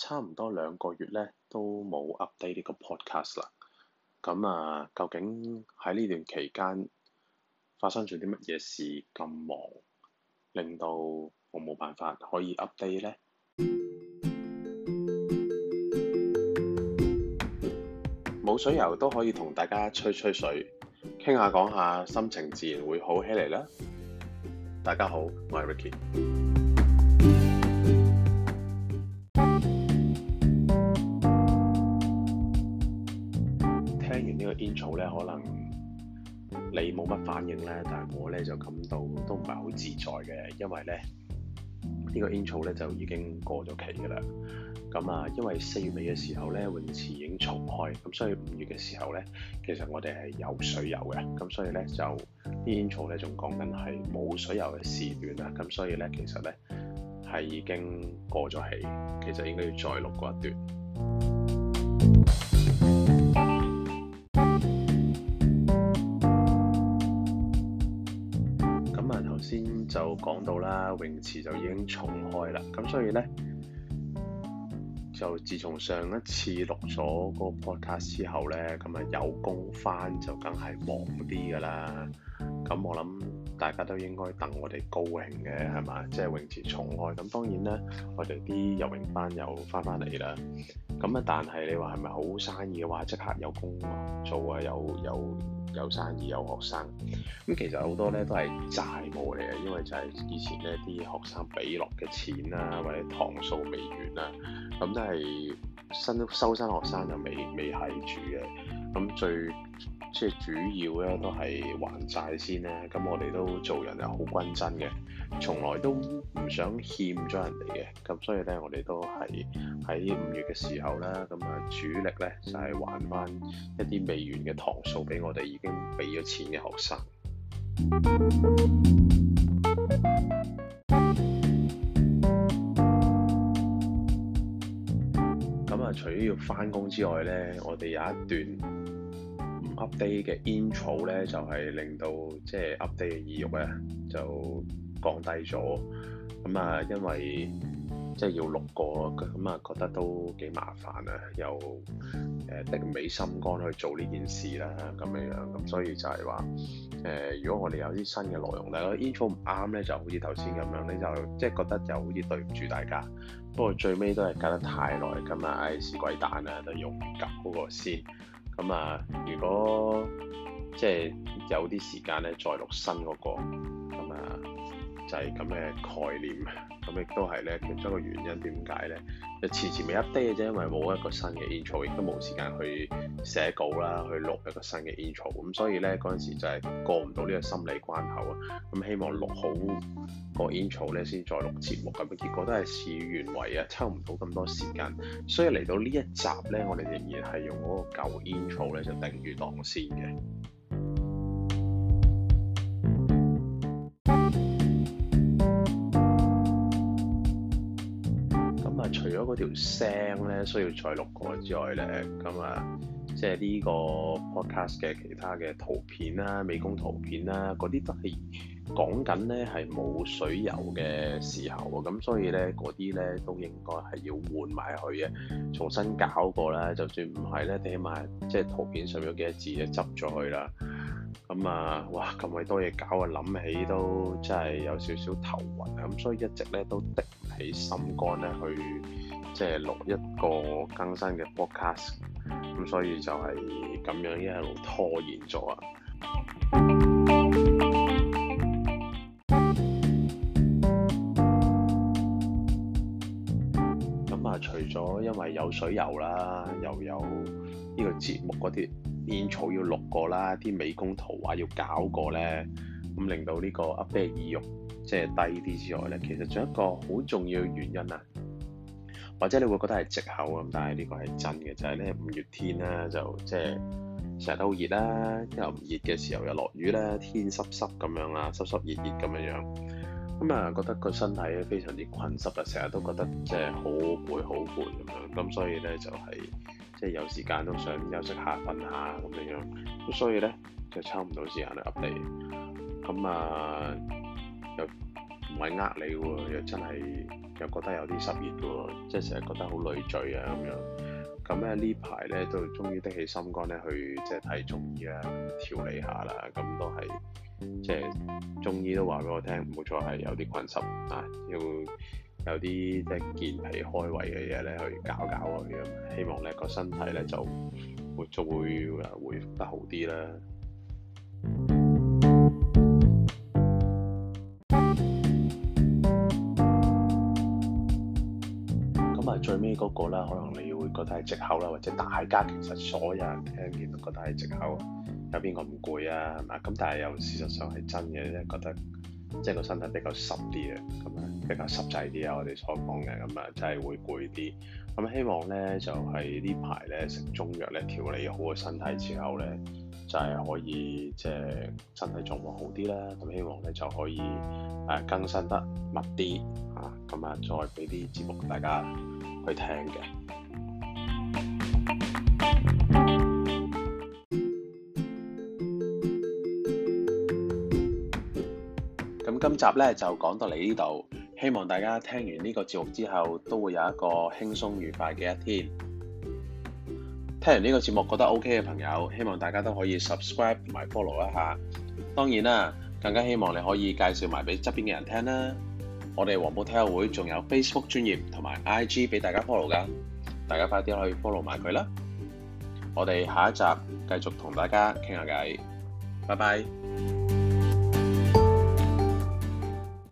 差唔多兩個月咧，都冇 update 呢個 podcast 啦。咁、嗯、啊，究竟喺呢段期間發生咗啲乜嘢事咁忙，令到我冇辦法可以 update 咧？冇水游都可以同大家吹吹水，傾下講下，心情自然會好起嚟啦。大家好，我係 Ricky。反應咧，但係我咧就感到都唔係好自在嘅，因為咧呢個 intro 咧就已經過咗期㗎喇。咁啊，因為四月尾嘅時候咧，泳池已經重開，咁所以五月嘅時候咧，其實我哋係有水遊嘅，咁所以咧就啲 intro 咧仲講緊係冇水遊嘅時段啊，咁所以咧其實咧係已經過咗期，其實應該要再錄一段。都講到啦，泳池就已經重開啦。咁所以咧，就自從上一次錄咗個 podcast 之後咧，咁啊有工返就梗係忙啲噶啦。咁我諗。大家都應該等我哋高興嘅係嘛，即係、就是、泳池重開。咁當然咧，我哋啲游泳班又翻翻嚟啦。咁啊，但係你話係咪好生意嘅話，即刻有工做啊，有有有生意，有學生。咁其實好多咧都係債務嚟嘅，因為就係以前咧啲學生俾落嘅錢啦、啊，或者堂數未完啦、啊，咁都係新收生學生又未未係住嘅。咁最。即係主要咧，都係還債先咧。咁我哋都做人係好均真嘅，從來都唔想欠咗人哋嘅。咁所以咧，我哋都係喺五月嘅時候啦。咁啊主力咧就係、是、還翻一啲未完嘅堂數俾我哋已經俾咗錢嘅學生。咁啊， 除咗要翻工之外咧，我哋有一段。update 嘅 intro 咧就係、是、令到即係、就是、update 嘅意欲咧就降低咗。咁啊，因為即係要錄過咁啊，覺得都幾麻煩啊，又誒滴尾心肝去做呢件事啦，咁樣樣。咁所以就係話誒，如果我哋有啲新嘅內容，但、那、係個 intro 唔啱咧，就好似頭先咁樣你就即係覺得就好似對唔住大家。不過最尾都係隔得太耐，咁啊，唉，試鬼蛋啊，都用唔及嗰個先。咁啊，如果即係有啲時間咧、嗰個，再錄新嗰個咁啊就係咁嘅概念。咁亦都係咧，其中一個原因點解咧？就遲遲未 update 嘅啫，因為冇一個新嘅 intro，亦都冇時間去寫稿啦，去錄一個新嘅 intro。咁所以咧，嗰陣時就係過唔到呢個心理關口啊。咁希望錄好個 intro 咧，先再錄節目咁。結果都係事與願違啊，抽唔到咁多時間，所以嚟到呢一集咧，我哋仍然係用嗰個舊 intro 咧，就定住檔先嘅。條聲咧，需要再錄過之外咧，咁啊，即係呢個 podcast 嘅其他嘅圖片啦、美工圖片啦，嗰啲都係講緊咧係冇水游嘅時候喎。咁所以咧，嗰啲咧都應該係要換埋佢嘅，重新搞過啦。就算唔係咧，起碼即係圖片上面有幾多字就，執咗佢啦。咁啊，哇咁鬼多嘢搞啊，諗起都真係有少少頭暈啊。咁所以一直咧都滴唔起心肝咧去。即係錄一個更新嘅 podcast，咁所以就係咁樣一路拖延咗啊。咁啊，除咗因為有水游啦，又有呢個節目嗰啲剪草要錄過啦，啲美工圖畫要搞過咧，咁令到呢個 update 意欲即係低啲之外咧，其實仲有一個好重要嘅原因啊！或者你會覺得係藉口咁，但係呢個係真嘅，就係咧五月天咧就即係成日都好熱啦，之後唔熱嘅時候又落雨啦，天濕濕咁樣啊，濕濕熱熱咁樣樣，咁、嗯、啊覺得個身體非常之困濕啊，成日都覺得即係、就是、好攰好攰咁樣，咁所以咧就係即係有時間都想休息下瞓下咁樣樣，咁所以咧就抽唔到時間嚟 update 咁啊。有唔係呃你喎，又真係又覺得有啲濕熱嘅喎，即係成日覺得好累攰啊咁樣。咁咧呢排咧就終於的起心肝咧去，去，去，去即係睇中醫啊，調理下啦。咁都係即係中醫都話俾我聽，冇錯係有啲困濕啊，要有啲即係健脾開胃嘅嘢咧去搞搞佢咁，希望咧個身體咧就活足會誒恢復得好啲啦。最尾嗰個啦，可能你會覺得係藉口啦，或者大家其實所有人聽見都覺得係藉口，有邊個唔攰啊？係嘛，咁但係又事實上係真嘅，即係覺得即係個身體比較濕啲啊，咁啊比較濕滯啲啊，我哋所講嘅咁啊，真係會攰啲。咁希望咧就係呢排咧食中藥咧調理好個身體之後咧。就係可以即係身體狀況好啲啦，咁希望你就可以誒更新得密啲嚇，咁啊再俾啲節目大家去聽嘅。咁今集咧就講到嚟呢度，希望大家聽完呢個節目之後都會有一個輕鬆愉快嘅一天。聽完呢個節目覺得 O K 嘅朋友，希望大家都可以 subscribe 同埋 follow 一下。當然啦，更加希望你可以介紹埋俾側邊嘅人聽啦。我哋黃埔體育會仲有 Facebook 專頁同埋 I G 俾大家 follow 噶，大家快啲去 follow 埋佢啦。我哋下一集繼續同大家傾下偈，拜拜。